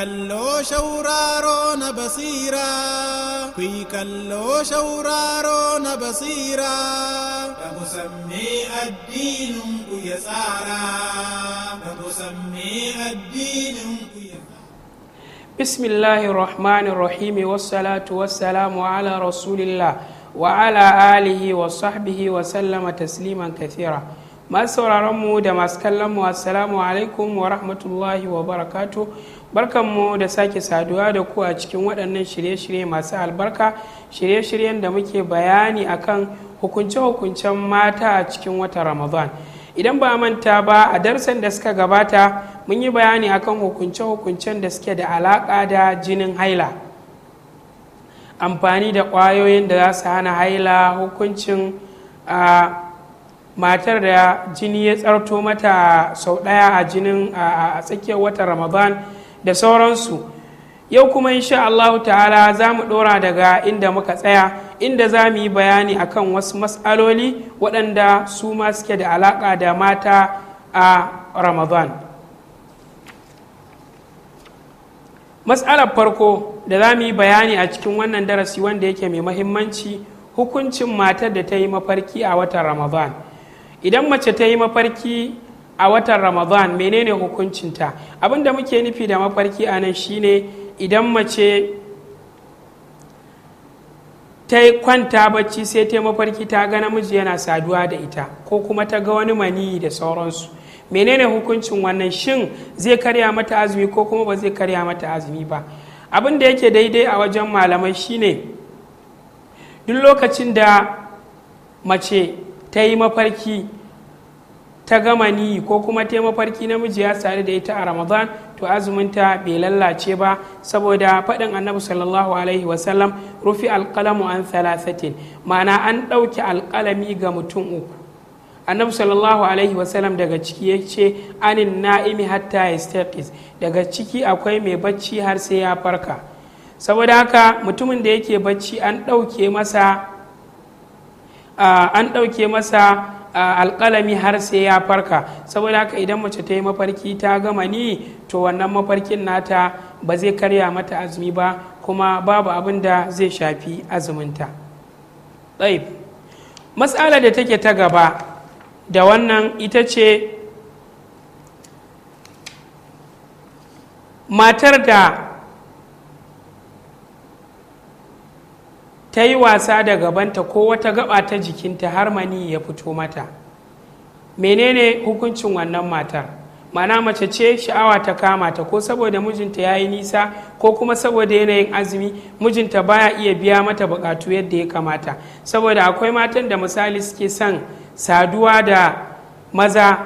kalloo shawraaroo na basiiraa kuyi kalloo shawraaroo na basiiraa kamusammee addiinuun kuyya saaraa kamusammee addiinuun kuyya بسم الله الرحمن الرحيم والصلاة Rasulillah wa رسول الله وعلى آله وصحبه وسلم تسليما كثيرا masu sauraron mu da masu kallon mu assalamu alaikum wa rahmatullahi wa barakatu barkanmu da sake saduwa da ku a cikin waɗannan shirye-shirye masu albarka shirye-shiryen da muke bayani akan hukunce-hukuncen mata a cikin watan ramadan idan ba manta ba a darsan da suka gabata mun yi bayani akan hukunce-hukuncen da suke da alaƙa da jinin haila amfani da ƙwayoyin da za su hana haila hukuncin a ah, matar da jini ya tsarto mata sau ɗaya a jinin a tsakiyar wata ramadan da sauransu yau kuma insha Allahu ta'ala za mu ɗora daga inda muka tsaya inda za mu yi bayani akan wasu matsaloli waɗanda su ma suke da alaƙa da mata a ramadan matsalar farko da za mu yi bayani a cikin wannan darasi wanda yake mai mahimmanci hukuncin matar da ta yi mafarki a watan ramadan idan mace ta yi mafarki a watan ramadan menene hukuncinta abin da muke nufi da mafarki a nan shine idan mace ta yi kwanta bacci sai ta yi mafarki ta ga namiji yana saduwa da ita ko kuma ta ga wani mani da sauransu menene hukuncin wannan shin zai karya mata azumi ko kuma ba zai karya mata azumi ba abin da yake daidai a wajen malamai shine duk lokacin da mace ta yi mafarki ta gama ni ko kuma ta yi mafarki namiji ya sadu da ita a ramadan to azuminta bai lallace ba saboda faɗin annabi sallallahu alaihi wasallam rufi alƙalamu an thalathatin ma'ana an ɗauke alƙalami ga mutum uku annabi sallallahu alaihi wasallam daga ciki ya ce anin na'imi hatta yastaqis daga ciki akwai mai bacci har sai ya farka saboda haka mutumin da yake bacci an ɗauke masa an ɗauke masa alƙalami har sai ya farka saboda haka idan mace ta yi mafarki ta gama ni to wannan mafarkin nata ba zai karya mata azumi ba kuma babu abin da zai shafi azuminta ɗaib matsala da take ta gaba da wannan ita ce matar da ta yi wasa da gabanta ko wata gaba ta jikinta har mani ya fito mata menene hukuncin wannan matar mana mace ce sha'awa ta kama ta ko saboda mijinta ya yi nisa ko kuma saboda yanayin azumi mijinta baya iya biya mata bukatu yadda ya kamata saboda akwai matan da misali suke son saduwa da maza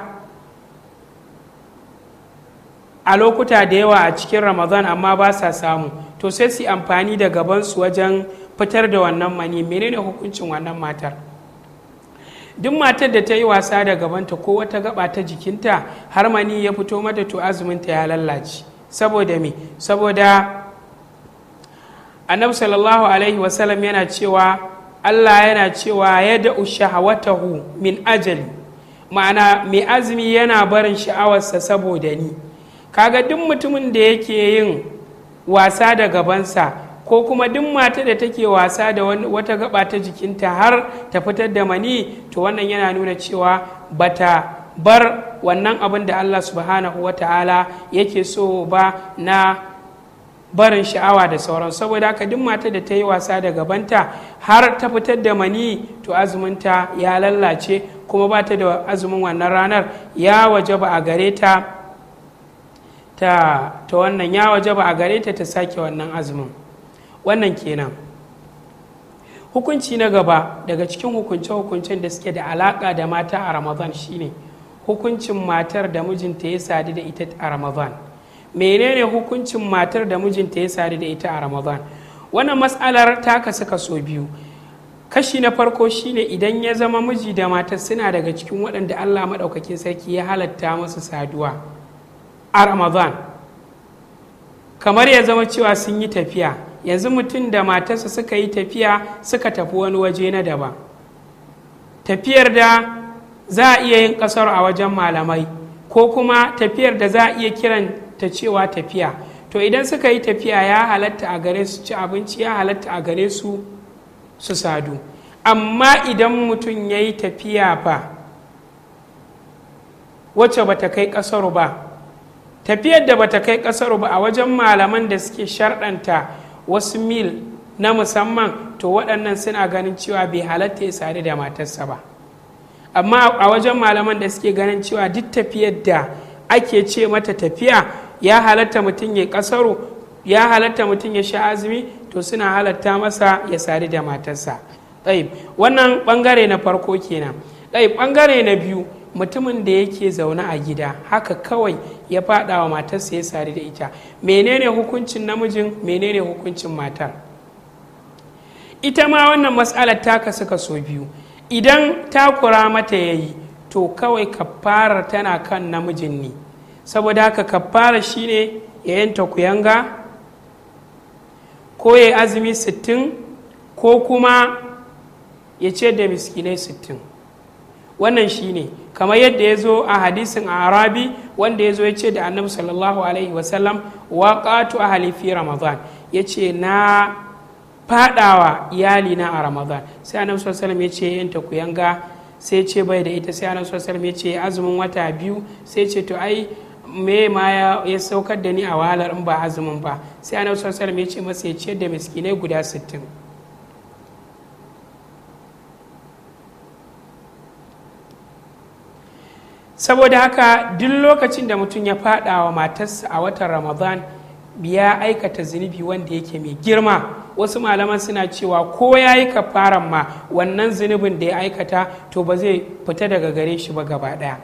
a lokuta da yawa a cikin ramadan amma ba sa samu to sai su amfani da gabansu wajen fitar da wannan mani menene hukuncin wannan matar duk matar da ta yi wasa da gabanta ko wata gaba ta jikinta har mani ya fito mata to azuminta ya lallace saboda me saboda annabi sallallahu alaihi wasallam yana cewa allah yana cewa ya da'u shahawatahu min ajali ma'ana mai azumi yana barin sha'awarsa saboda ni kaga duk mutumin da yake yin wasa da gabansa ko kuma duk mata da take wasa da wata gaba ta jikinta har ta fitar da mani to wannan yana nuna cewa bata bar wannan abin da Allah subhanahu wa ta'ala yake so ba na barin sha'awa da sauran saboda haka duk mata da ta yi wasa da gabanta har ta fitar da mani to azuminta ya lallace kuma ba ta da azumin wannan ranar ya waje ba a gare ta ta wannan ya waje ba a gare ta ta sake wannan azumin wannan kenan hukunci na gaba daga cikin hukunce-hukuncen da suke da alaƙa da mata a ramadan shine hukuncin matar da mijinta ya sadu da ita a ramadan menene hukuncin matar da mijinta ya sadu da ita a ramadan wannan matsalar ta kasu kaso biyu kashi na farko shine idan ya zama miji da matar suna daga cikin waɗanda allah maɗaukakin sarki ya halatta masu saduwa a ramadan kamar ya zama cewa sun yi tafiya yanzu mutum da matarsa suka yi tafiya suka tafi wani waje na daban tafiyar da za a iya yin kasar a wajen malamai ko kuma tafiyar da za a iya kiran ta cewa tafiya to idan suka yi tafiya ya halatta a gare su ci abinci ya halatta a gare su su sadu amma idan mutum ya yi tafiya ba wacce ba ta kai kasar ba tafiyar da ba ta kai kasar ba a wajen malaman da suke sharɗanta wasu mil na musamman to waɗannan suna ganin cewa bai halatta ya sadu da matarsa ba amma a wajen malaman da suke ganin cewa duk tafiyar da ake ce mata tafiya ya halatta mutum ya kasaro ya halatta mutum ya sha azumi to suna halatta masa ya sadu da matarsa wannan ɓangare na farko kenan ɗaib ɓangare na biyu mutumin da yake zaune a gida haka kawai ya fada wa matarsa ya sari da ita menene hukuncin namijin menene hukuncin matar ita ma wannan matsalar ta kasu so biyu idan ta kura mata ya yi to kawai kafarar tana kan namijin ne saboda haka kafara shine ya yanta kuyanga ko ya azumi sittin ko kuma ya ce da miskinai sittin wannan shine ne kamar yadda ya zo a hadisin arabi wanda ya zo ya ce da annabi sallallahu alaihi wasallam waƙatu a halifi ramadan ya ce na fadawa iyali na a ramadan sai annabi sallallahu alaihi ya ce yanta ku sai ce bai da ita sai annabi sallallahu alaihi ya ce azumin wata biyu sai ce to ai me ma ya saukar da ni a wahalar in ba azumin ba sai annabi sallallahu alaihi ya ce masa ya ce da miskinai guda sittin saboda haka duk lokacin da mutum ya fada wa matarsa a watan ramadan ya aikata zunubi wanda yake mai girma wasu malaman suna cewa ko ya yi kafaran ma wannan zunubin da ya aikata to ba zai fita daga gare shi ba gaba ɗaya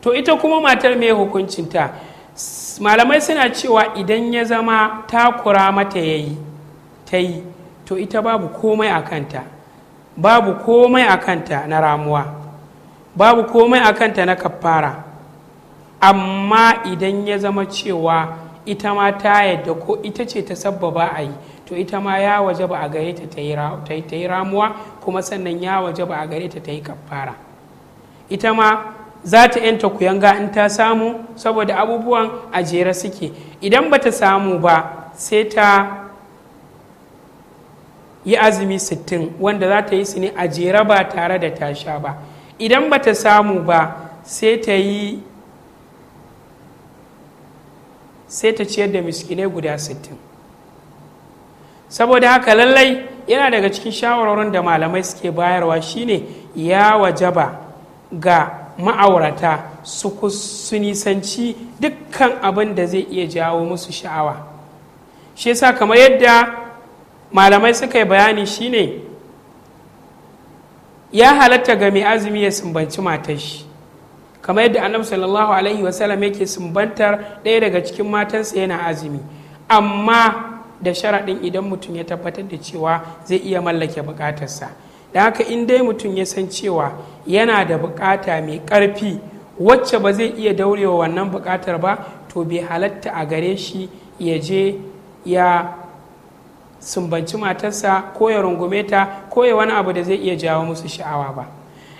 to ita kuma matar mai hukuncinta malamai suna cewa idan ya zama takura mata ya yi ta yi to ita babu komai a babu komai a kanta na ramuwa babu komai a kanta na kafara amma idan ya zama cewa ita ma ta yadda ko ita ce ta sabbaba a yi to ita ma ya waje ba a gare ta ta yi ramuwa kuma sannan ya waje ba a gare ta ta yi kafara ita ma za ta yanta kuyanga in ta samu saboda abubuwan a jere suke idan ba ta samu ba sai ta yi azumi sittin wanda za ta yi su ne a jere ba tare da ta sha ba idan ba ta samu ba sai ta yi sai ta ciyar da miskinai guda sittin saboda haka lallai yana daga cikin shawarwarin da malamai suke bayarwa shine ya wajaba ga ma'aurata su nisanci dukkan abin da zai iya jawo musu sha'awa shi yasa kamar yadda malamai suka yi bayani shine ya halatta ga mai azumi ya sumbanci matar shi kamar yadda annabi sallallahu alaihi wasallam yake sumbantar ɗaya daga cikin matansa yana azumi amma da sharaɗin idan mutum ya tabbatar da cewa zai iya mallake buƙatarsa da haka in dai mutum ya san cewa yana da buƙata mai ƙarfi wacce ba zai iya daurewa wannan buƙatar ba to bai halatta a gare shi ya je ya sumbanci matarsa ko ya rungume ta koya wani abu da zai iya jawo musu sha'awa ba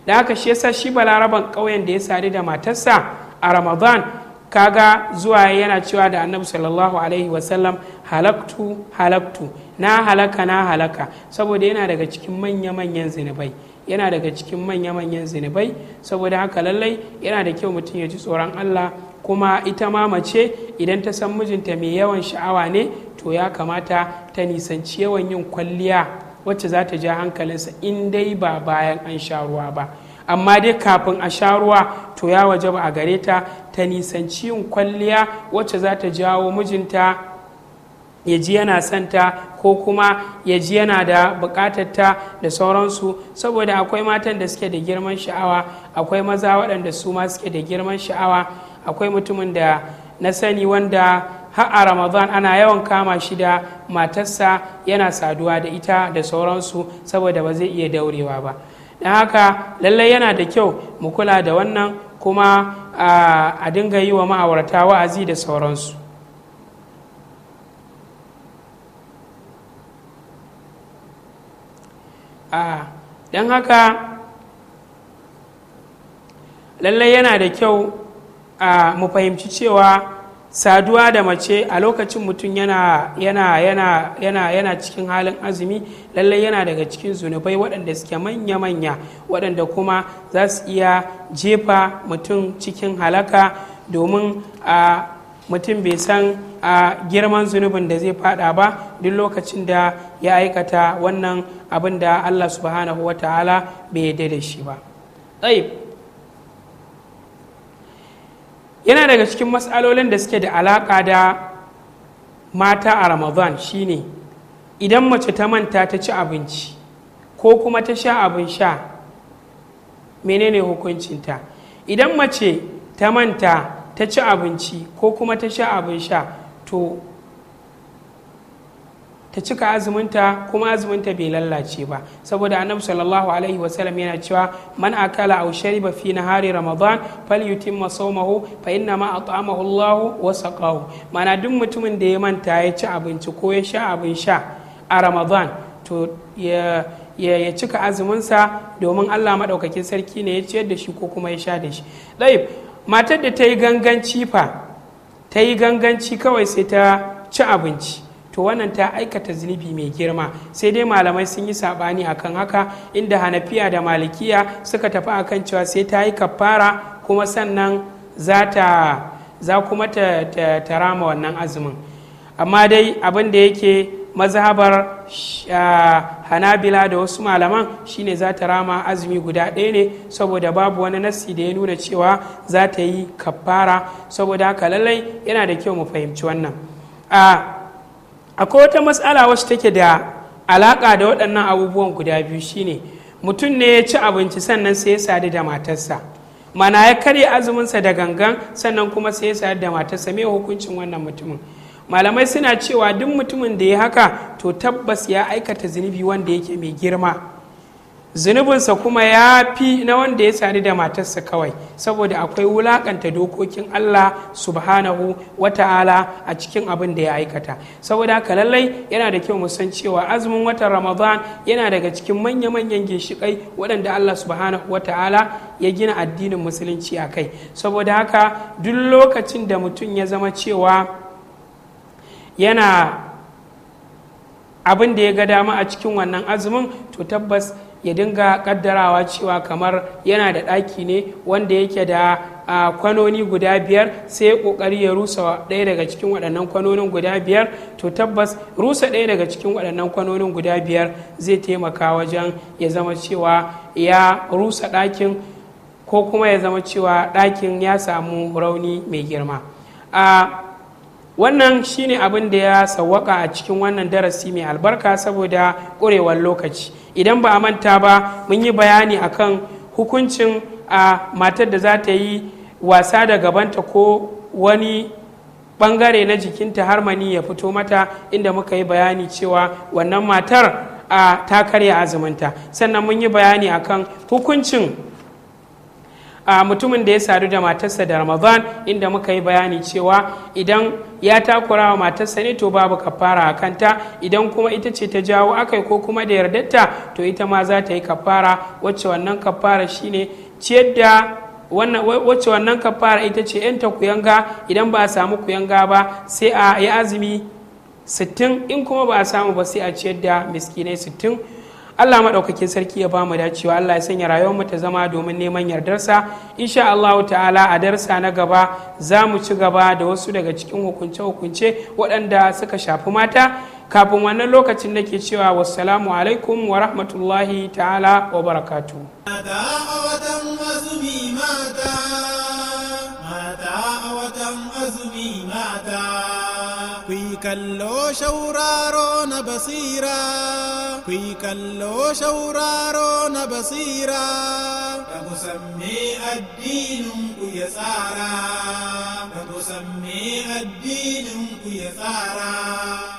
da haka shi yasa shi balaraban ƙauyen da ya sadu da matarsa a ramadan kaga zuwa yana cewa da annabi sallallahu alaihi wasallam halaktu halaktu na halaka na halaka saboda yana daga cikin manya-manyan zinubai yana daga cikin manya-manyan zinubai saboda haka lallai yana da kyau mutum ya ji tsoron allah kuma ita ma mace idan ta san mijinta mai yawan sha'awa ne to ya kamata ta nisanci yawan yin kwalliya wacce za ta ja hankalinsa in dai ba bayan an sha ruwa ba amma dai kafin a sha ruwa to ya waje ba a gare ta ta nisanci yin kwalliya wacce za ta jawo mijinta ya ji yana santa ko kuma ya ji yana da bukatar ta da sauransu saboda akwai matan da suke da girman sha'awa akwai maza waɗanda su ma suke da girman sha'awa akwai mutumin da na sani wanda har a ramadan ana yawan kama shi da matarsa yana saduwa da ita da sauransu saboda ba zai iya daurewa ba don haka lallai yana da kyau mu kula da wannan kuma a dinga yi wa ma'aurata wa'azi da sauransu don haka lallai yana da kyau mu fahimci cewa saduwa da mace a lokacin mutum yana yana yana yana yana cikin halin azumi lallai yana daga cikin zunubai waɗanda suke manya-manya waɗanda kuma za su iya jefa mutum cikin halaka domin a mutum bai san a girman zunubin da zai fada ba duk lokacin da ya aikata wannan abin da allah subhanahu wa ta'ala bai yarda da shi ba yana daga cikin matsalolin da suke da alaƙa da mata a ramadan shine idan mace ta manta ta ci abinci ko kuma ta sha abin sha menene hukuncinta idan mace ta manta ta ci abinci ko kuma ta sha abin sha to ta cika azuminta kuma azuminta bai lallace ba saboda annabi sallallahu alaihi wasallam yana cewa man akala aw shariba fi nahari ramadan falyutimma sawmahu fa inna ma at'amahu Allah wa saqahu mana duk mutumin da ya manta ya ci abinci ko ya sha abin sha a ramadan to ya ya, cika azuminsa domin Allah madaukakin sarki ne ya ciyar da shi ko kuma ya sha da shi laif matar da ta yi ganganci fa ta yi ganganci kawai sai ta ci abinci to wannan ta aikata zunubi mai girma sai dai malamai sun yi sabani akan haka inda hanafiya da malikiya suka tafi akan cewa sai ta yi kafara kuma sannan za ta za kuma ta, rama wannan azumin amma dai abin da yake mazhabar ah, hanabila da wasu malaman shine za ta rama azumi guda ɗaya ne saboda babu wani nassi da ya nuna cewa za ta yi kafara saboda haka lallai yana da kyau mu fahimci wannan ah, akwai wata matsala wacce take da alaka da waɗannan abubuwan guda biyu shine mutum ne ya ci abinci sannan sai ya sadu da matarsa mana ya karya azuminsa da gangan sannan kuma sai ya sadu da matarsa mai hukuncin wannan mutumin malamai suna cewa duk mutumin da ya haka to tabbas ya aikata zunubi wanda yake mai girma zunubinsa kuma ya fi na wanda ya sadu da matarsa kawai saboda akwai wulakanta dokokin Allah subhanahu wa ta'ala a cikin abin da ya aikata saboda haka lallai yana da kyau san cewa azumin watan ramadan yana daga cikin manya-manyan ginshiƙai waɗanda Allah subhanahu wa ta'ala ya gina addinin musulunci a kai saboda haka duk lokacin da mutum ya zama cewa yana abin da ya ga dama a cikin wannan azumin to tabbas ya dinga kaddarawa cewa kamar yana da ɗaki ne wanda yake da kwanoni guda biyar sai kokari ya rusa ɗaya daga cikin waɗannan kwanonin guda biyar to tabbas rusa ɗaya daga cikin waɗannan kwanonin guda biyar zai taimaka wajen ya zama cewa ya rusa ɗakin ko kuma ya zama cewa ɗakin ya samu rauni mai girma wannan shine abin da ya sawwaka a cikin wannan darasi mai albarka saboda ƙurewar lokaci idan ba a manta ba mun yi bayani akan hukuncin a matar da za ta yi wasa da gabanta ko wani bangare na jikinta har mani ya fito mata inda muka yi bayani cewa wannan matar a ta karya azuminta sannan mun yi bayani akan hukuncin a mutumin da ya sadu da matarsa da ramadan inda muka yi bayani cewa idan ya takura wa matarsa ne to babu kafara a kanta idan kuma ita ce ta jawo akai ko kuma da yardarta to ita ma za ta yi kafara wacce wannan kafara shine ciyar da wacce wannan kafara ita ce yanta kuyanga idan ba a samu kuyanga ba sai a yi azumi 60 in kuma ba a samu ba sai a ciyar da miskinai sittin Allah maɗaukakin sarki ya bamu dacewa Allah ya sanya rayuwar mu ta zama domin neman yardarsa insha Allah ta'ala a darsa na gaba za mu ci gaba da wasu daga cikin hukunce-hukunce waɗanda suka shafi mata kafin wannan lokacin nake cewa wassalamu alaikum wa rahmatullahi ta'ala wa barakatu kallo shauraro na basira في كلو شورارو نبصيرا تمسمي الدين كي سارا تمسمي الدين كي سارا